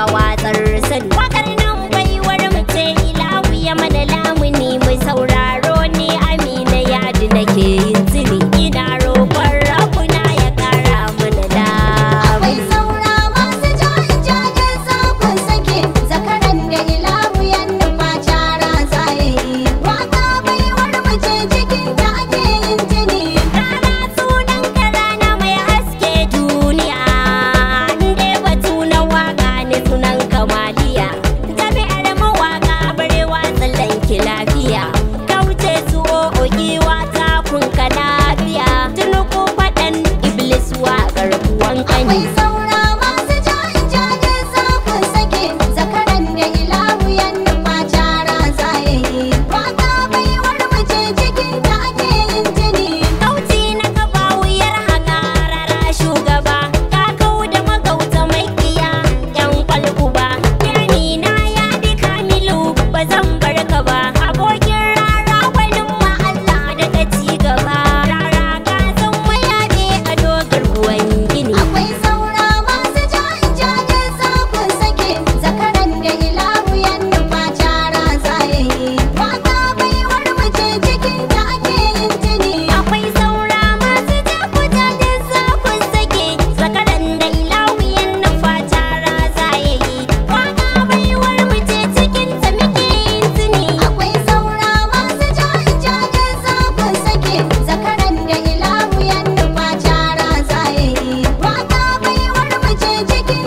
ka watsar sani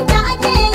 Don't